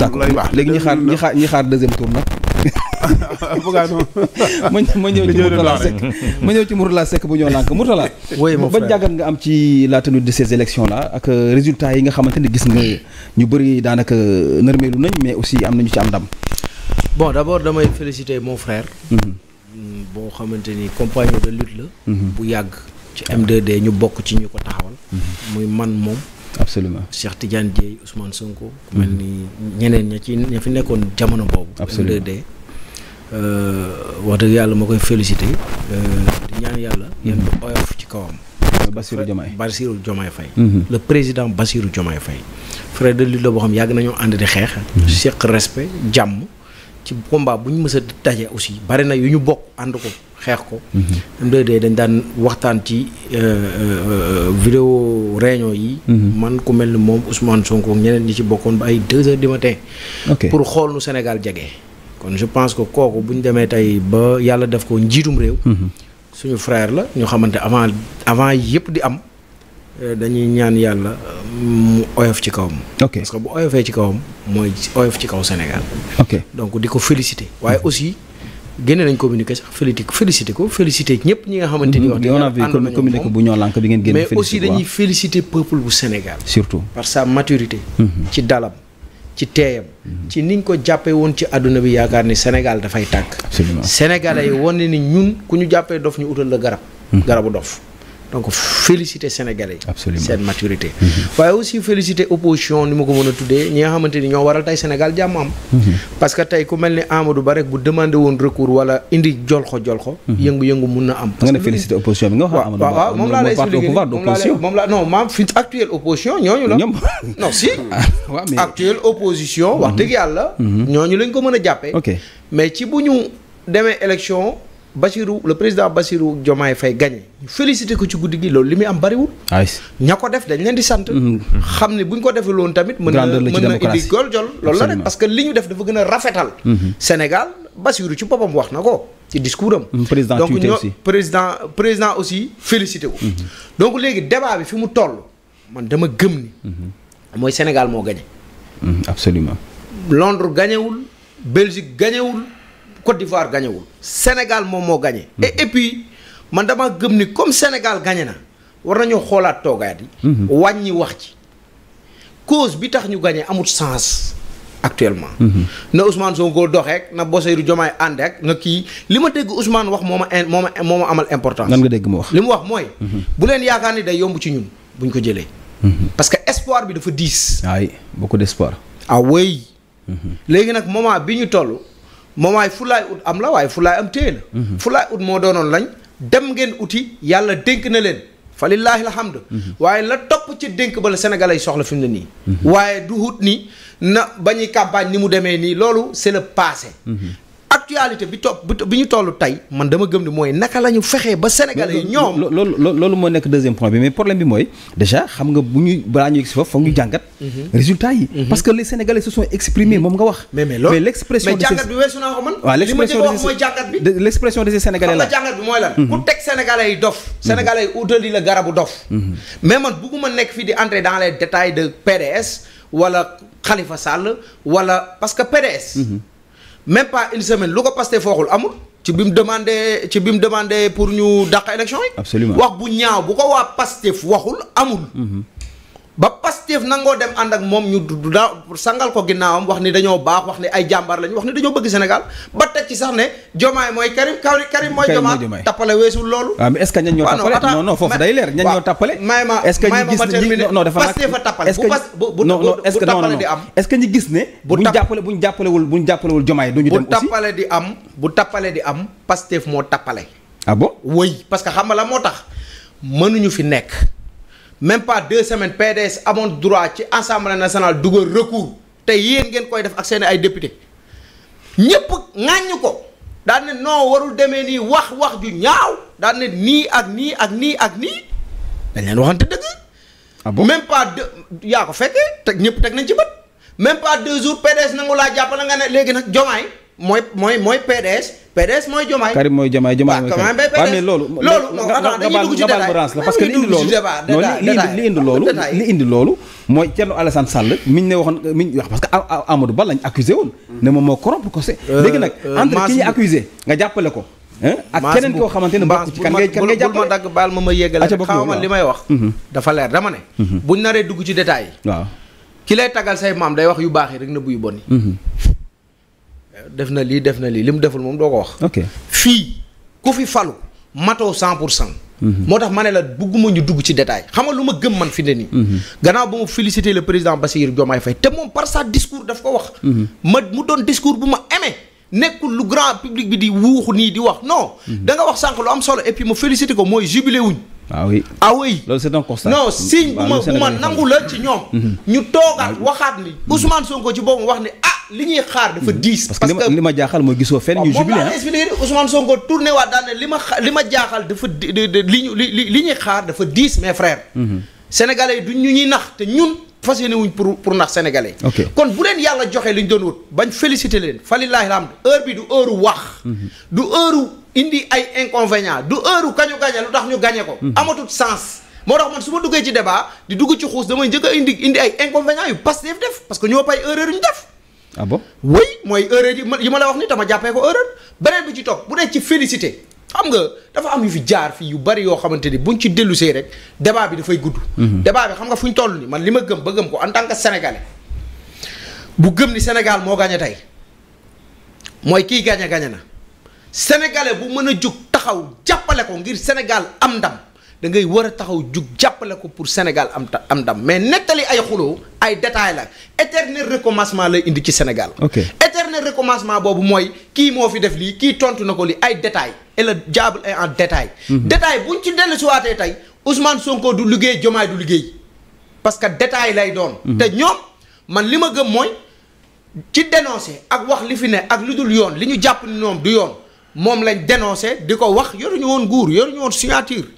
d'accord léegi ñi xaar ñi xaar ñi xaar deuxième tour nag. ma ma ñëw ci Mourtala Seck ma ñëw ci Mourtala Seck bu ñoo lànk Mourtala ban jàngat nga am ci la tenue de ces élections là ak euh, résultats yi nga xamante ni gis nga ñu bëri daanaka euh, nërmeelu nañ mais aussi am nañu ci am ndam bon d'abord damay féliciter mon frère mm-hmm. mm, boo xamante ni compagnon de lutte la mm-hmm. bu yàgg ci M2D ñu bokk ci ñu ko taxawal mm-hmm. muy man moom absolument Cheikh Tidiane Dieye Ousmane Sonko. ku mel ni ñeneen ña ci ña fi nekkoon jamono boobu. absolument m 2 euh, wax dëgg yàlla ma koy félicité. Euh, di ñaan yàlla. Mm-hmm. yéen du oyof ci kawam. Bassirou Diomaye Bassirou Diomaye Faye. Mm-hmm. le président Bassirou Diomaye Faye. frère de lutte la boo xam yàgg nañoo ànd di xeex. Mm-hmm. seq respect jàmm. ci combat bu ñu mës a aussi bari na yu ñu bokk ànd ko. xeex ko m mhm. 2 dañ daan waxtaan ci euh, euh, euh, vidéo réunion yi mhm. man ku mel ni moom Ousmane Sonko ñeneen ñi ci bokkoon ba ay deux heures du matin pour xool nu Sénégal jege kon je pense que kooku bu ñu demee tey ba yàlla def ko njiitum réew mhm. suñu frère la ñu xamante avant avant yëpp di am dañuy ñaan yàlla mu oyof ci kawam. ok parce bu oyofee ci kawam mooy oyof ci kaw Sénégal. donc di ko féliciter waaye aussi. génne nañ communiqué sax félicité ko félicité ñëpp ñi nga xamante ni mm-hmm. wax dëgg communiqué bu ñoo lànk bi ngeen génne mais aussi dañuy félicité peuple bu Sénégal surtout parce que maturité mm-hmm. ci dalam ci teeyam mm-hmm. ci niñ ko jàppee woon ci àdduna bi yaakaar ni Sénégal dafay tàkk Sénégalais yi wane ni ñun ku ñu jàppee dof ñu utal la garab garabu dof donc félicité Sénégalais yi. absolument seen maturité. Mm-hmm. waaye aussi félicité opposition ni ma ko mën a tuddee ñi nga xamante ni ñoo waral tey Sénégal jàmm am. Mm-hmm. parce que tey ku mel ni Amadou Ba rek bu demande woon recours wala indi jolxo jolxo. Mm-hmm. yëngu-yëngu mun na am. parce que nga ne félicité opposition bi nga wax. a Ba moom laa lay expliqué moom laa non maam fi actuelle opposition ñooñu la. ñoom non si. Ah, actuelle opposition. wax dëgg yàlla. ñoo ñu lañ ko mën a jàppee. mais ci bu ñu demee élection. Bassirou le président Bassirou Diomaye Faye gagné félicité ko ci guddi gi loolu li muy am bariwul. ña ko def dañ leen di sant. Mm-hmm. xam ne bu ñu ko defee loon tamit. mën na mën na indi gol jol loolu la rek parce que li ñu def dafa gën a rafetal. Mm-hmm. Sénégal Bassirou ci boppam wax na ko ci discours am. Mm-hmm. président donc ñoo président président aussi félicité ko. donc léegi débat bi fi mu toll man dama gëm ni. mooy Sénégal moo gagné. absolument Londres gagné wul Belgique gagné Côte d'Ivoire gañewul Sénégal moom moo gagné. Hmm. et et puis man dama gëm ni comme Sénégal gañe na war nañoo xoolaat toogaat yi. Hmm. wàññi wax ci cause bi tax ñu gagné amut sens. actuellement. Hmm. na soo Sonko doxeek na Bassirou Diomaye ànd ak na kii li ma dégg Ousmane wax moo ma moo ma moo ma amal importance. nan nga dégg mu wax li mu wax mooy. bu leen yaakaar ni day yomb ci ñun buñ ko jëlee. parce que espoir bi dafa diis. boo ko d'espoir. ah oui. léegi nag moment bi ñu toll. moomaay fulaay ut am la waaye fulaay am téye la. Mhm. fulaay ut moo doonoon lañ dem ngeen uti yàlla dénk na leen. fa falillaahi alhamdu mhm. waaye la topp ci dénk ba la Sénégalais yi soxla fi mu ne nii. Mhm. waaye du hut ni na bañuy campagne ni mu demee nii loolu c'est le actualité bi topp bi ñu toll tey man dama gëm ni mooy naka la ñu fexee ba sénégalais yi ñoom loolu loolu moo nekk deuxième point bi mais problème bi mooy déjà xam nga bu ñuy balaa ñu yegg si foofu foog ñu jàngat mhm. résultat yi mhm. parce que les sénégalais se sont exprimés moom nga wax mais mais l'expression mais jàngat bi weesu naa ko man waaw li ma jëkk wax mooy jàngat bi l'expression de ces sénégalais la jàngat bi mooy lan mhm. ku teg sénégalais yi dof sénégalais yi utali la garabu dof mais man bugguma nekk fii di entrer dans les détails de PDS wala Khalifa Sall wala parce que PDS même pas une semaine lu ko Pastef waxul amul ci bi mu demandé ci bi mu demandé pour ñu dàq élection yi. absolument wax bu ñaaw bu ko waa fu waxul amul. Mm-hmm. ba Pastef nangoo dem ànd ak moom ñu du daa sangal ko ginnaawam wax ni dañoo baax wax ni ay jàmbaar lañu wax ni dañoo bëgg Sénégal ba teg ci sax ne Jomaay mooy Karim Karim mooy Jomaay tappale weesul loolu waaw ah, mais est-ce que ñan a tappale bu pas bu bu tappale di am est jàppalewul Jomaay duñu dem aussi bu tappale di am bu tappale di moo tappale ah bon oui parce que xam nga moo tax mënuñu fi nekk même pas deux semaines PDS amoon droit ci assemblée nationale dugal recours te yéen ngeen koy def ak seen ay député ñëpp ŋàññ ko daan ne non warul demee nii wax wax ju ñaaw daan ne nii ak nii ak nii ak nii dañ leen waxante dëgg. ah bon même pas deux yaa ko fekkee teg ñëpp teg nañ ci bët même pas deux jours PDS nangu laa jàppale nga ne léegi nag jomaay. mooy mooy mooy PDS. PDS mooy Diomaye. Karim mooy Diomaye Diomaye mooy Karim loolu. loolu non attends dañuy dugg ci parce que li indi loolu. non li indi loolu li indi loolu. mooy Thierno mi ñu ne waxoon mi ñu wax parce que Amadou Ba lañ accusé woon. ne moom moo corrompre ko se. Euh, nag euh, entre ki ñuy accusé nga jàppale ko. ak keneen koo xamante ne bokk ci kan ngay kan ma dagg baal ma ma yéegale xaw ma li may wax. Mhm. dafa leer dama ne. Mhm. buñ naree dugg ci détail yi. waaw ki lay tagal say maam day wax yu baax rek na bu def na lii def na lii li mu deful moom doo ko wax. fii ku fi falu matoo cent pour cent. Mhm. moo tax ma ne la bëgguma ñu dugg ci détail xam nga lu ma gëm man fi ne nii. Mhm. gannaaw ba mu félicité le président Bassirou Diomaye Faye te moom par sa discours daf ko wax. Mhm. ma mu doon discours bu ma amee. nekkul lu grand public bi di wuuxu nii di wax non. da nga wax sànq lu am solo et puis ma félicité ko mooy jubilé wuñ. ah oui ah oui loolu c'est un constat non signe bu ma la ci ñoom. li ñuy xaar dafa diis. parce que li ma jaaxal moo gisoo fenn ñu jubilé ah Ousmane Sonko tourné waat daal ne li ma li ma jaaxal dafa li ñu li ñuy xaar dafa diis mes frères. Mhm. sénégalais yi du ñu ñuy nax te ñun fas yéene wuñ pour pour nax sénégalais. kon bu leen yàlla joxee li ñu doon wut bañ félicité leen falillaahi alhamdu heure bi du heure wax. Mhm. du heure indi ay inconvénients du heure kañu gañe lu tax ñu gañe ko. Mhm. amatul sens. moo tax man su ma duggee ci débat di dugg ci a indi indi ay inconvénients yu Pastef def parce def. ah bon oui mooy erreur yi ma yi ma la wax ni dama jàppee ko erreur beneen bi ci topp bu dee ci félicité xam nga dafa am yu fi jaar fii yu bari yoo xamante ni buñ ci dellusee rek débat bi dafay gudd. Mhm. débat bi xam nga fu ñu toll ni man li ma gëm ba gëm ko en tant que sénégalais bu gëm ni Sénégal moo gagné tey mooy kii gagné gagné na sénégalais bu mën a jóg taxaw jàppale ko ngir Sénégal am ndam. da ngay war a taxaw jug jàppale ko pour Sénégal am ta am ndam mais nettali ay xuloo ay détails la éternel recommencement lay indi ci Sénégal. ok éternel recommencement boobu mooy kii moo fi def lii kii tontu na ko lii ay détails et le diable est en détail. Mhm. détail buñ ci dellu si waatee tey Ousmane Sonko du liggéey Jomaay liggéey parce que détail lay doon. Mhm. te ñoom man li ma gëm mooy ci dénoncé ak wax li fi ne ak lu dul yoon li ñu jàpp ni ñoom du yoon moom lañ dénoncé di ko wax yoruñu woon nguur yoruñu woon signature.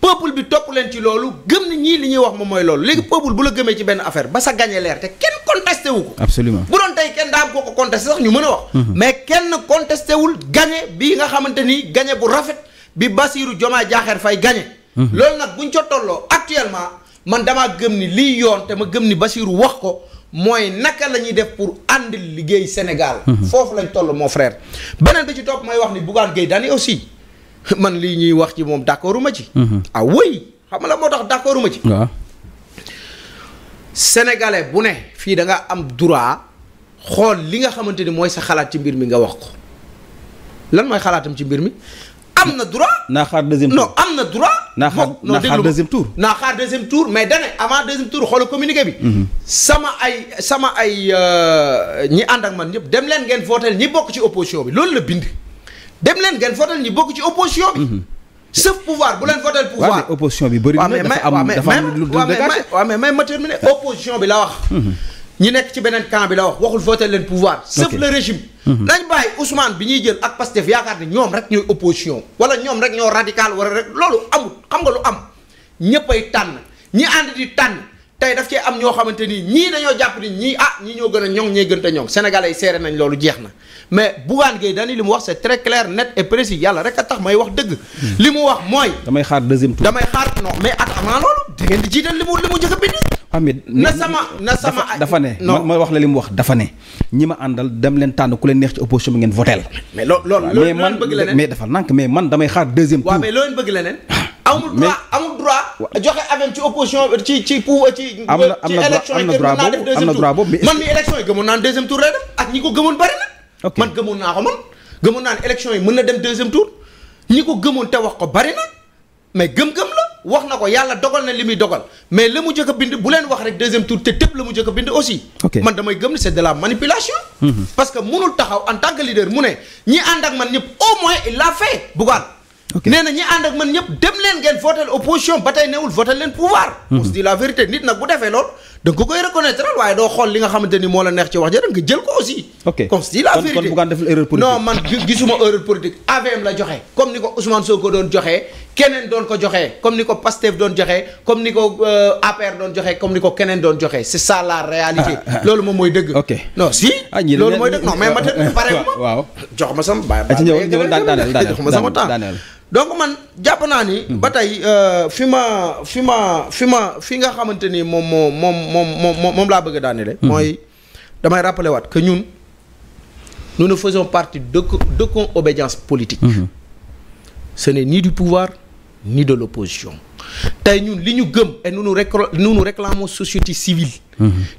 peuple bi topp leen ci loolu gëm na ñii li ñuy wax moom mooy loolu léegi peuple bu la gëmee ci benn affaire ba sa gagné leer te kenn contesté wu ko. absolument bu doon tey kenn daa am koo ko contesté sax ñu mën a wax. Mhm. mais kenn contesté wul gagné bii nga xamante ni gagné bu rafet bi Bassirou jomaa Diakhar fay gagné. Mhm. loolu nag buñ ca tolloo actuellement man damaa gëm ni lii yoon te ma gëm ni Bassirou wax ko mooy naka la ñuy def pour ànd liggéey Sénégal. Mhm. foofu lañ toll mon frère. beneen bi ci topp may wax ni Bougane Gueye Dany aussi. man lii ñuy wax ci moom d'accorduma ci. Mhm. ah oui xam nga la moo tax d'accorduma ci. waaw sénégalais bu ne fii da nga am droit xool li nga xamante ni mooy sa xalaat ci mbir mi nga wax ko lan mooy xalaatam ci mbir mi. am na droit naa xaar deuxième tour non am na droit. naa xaar naa xaar deuxième tour naa xaar deuxième tour mais dane avant deuxième tour xoolal communiqué bi. Mhm. sama ay sama ay euh, ñi ànd ak man ñëpp dem leen ngeen voter ñi bokk ci opposition bi loolu la bind. dem leen ngeen votal ñi bokk ci opposition bi. Mhm. sauf pouvoir bu leen votal pouvoir. waaw opposition bi bëri na dafa am dafa am lu ma terminer opposition bi la wax. Mhm. ñi nekk ci beneen camp bi la wax waxul voté leen pouvoir. sauf le régime. Mhm. nañ bàyyi Ousmane bi ñuy jël ak Pastef yaakaar ne ñoom rek ñooy opposition. wala ñoom rek ñoo radical wala rek loolu amul xam nga lu am ñëppay tànn ñi ànd di tànn. tey daf cee am ñoo xamante ni ñii dañoo jàpp ni ñii ah ñii ñoo gën a ñoŋ ñee gën te ñoŋ sénégalais yi seere nañ loolu jeex na mais Bougane Gueye Dany li mu wax c'est très clair net et précis yàlla rek a tax may wax dëgg. Hmm. li mu wax mooy. damay xaar deuxième tour damay xaar mais at avant loolu da ngeen di jiital li mu li mu njëkk a bind amit na sama na sama dafa ne ma wax la li mu wax dafa ne ñi ma àndal dem leen tànn ku leen neex ci opposition bi ngeen voté mais bëgg leneen mais dafa nànk mais man damay xaar deuxième tour waaw mais amul droit amul droit joxe aven ci ci am na na droit am na na droit boobu man mi élection yi gëmoon naa ne deuxième tour lay dem ak ñi naa ko man gëmoon naa ne élection yi na dem deuxième tour ñi ko gëmoon te wax ko bari na mais gëm-gëm la wax na ko yàlla dogal na li muy dogal mais la mu jëkk a bind bu leen wax rek deuxième tour te tëb la mu jëkk a bind aussi. man damay gëm ni c'est de la manipulation. Mm-hmm. parce que mënul taxaw en tant que leader mu ne ñi ànd ak man ñëpp au moins il l'a fait bugaan. ok nee na ñi ànd ak man ñëpp dem leen ngeen voté opposition ba tey newul voté leen pouvoir. Mhm. on se dit la vérité nit nag bu defee lool da koy reconnaître waaye doo xool li nga xamante ni moo la neex ci wax ja da nga jël ko aussi. ok la vérité kon man gisuma erreur politique AVM la joxe comme ni ko Ousmane Sonko doon joxe keneen doon ko joxe comme ni ko Pastef doon joxe comme ni ko euh, APR doon joxe comme ni ko keneen doon joxe c'est ça la réalité. Ah, ah. loolu moom mooy dëgg. ok non si. ah ñii loolu mooy dëgg non mais ma te donc man jàpp naa ni. Mhm. ba tey euh, fi ma fi ma fi ma fi nga xamante ni moom moo moom moom moom moom laa bëgg a daanele. Mhm. mooy damay rappelé waat que ñun nous ne faisons partie dëkkon obédience politique. Mhm. ce n'est ni du pouvoir ni de l'opposition tey ñun li ñu gëm et nous nous réclamons société civile.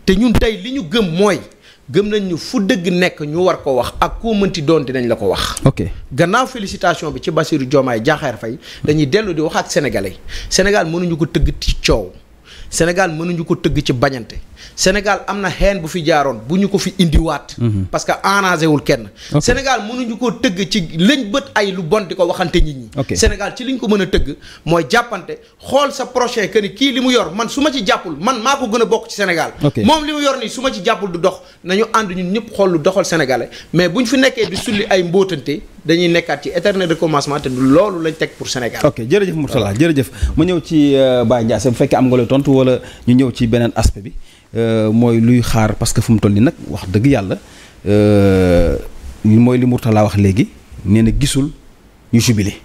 te ñun tey li ñu gëm mooy. gëm nañ ñu fu dëgg nekk ñu war ko wax ak koo mënti doon dinañ la ko wax. ok gannaaw félicitation bi ci Bassirou Diomaye Diakhar Faye dañuy dellu di wax ak sénégalais Sénégal mënuñu ko tëgg ci coow Sénégal mënuñu ko tëgg ci bañante. Sénégal am na xeen bu fi jaaroon bu ñu ko fi indiwaat. Mhm. parce que arrangé wul kenn. Sénégal mënuñu koo tëgg ci lañ bët ay lu bon di ko waxante nit ñi. Sénégal ci ñu ko mën a tëgg mooy jàppante xool sa prochain que ni kii li mu yor man su ma ci jàppul man maa ko gën a bokk ci Sénégal. moom li mu yor nii su ma ci jàppul du dox nañu ànd ñu ñëpp xool lu doxal sénégalais mais bu ñu fi nekkee di sulli ay mbóotante dañuy nekkaat ci de commencement te loolu lañ teg pour Sénégal. ok jërëjëf Mourtala jërëjëf ma ñëw ci euh, Baye Ndiassé bu fekkee am nga lay tontu wala ñu ñëw ci beneen aspect bi Euh, mooy luy xaar parce que fu mu toll nii nag wax dëgg yàlla euh, mooy li Mourtala wax léegi nee na gisul ñu jubile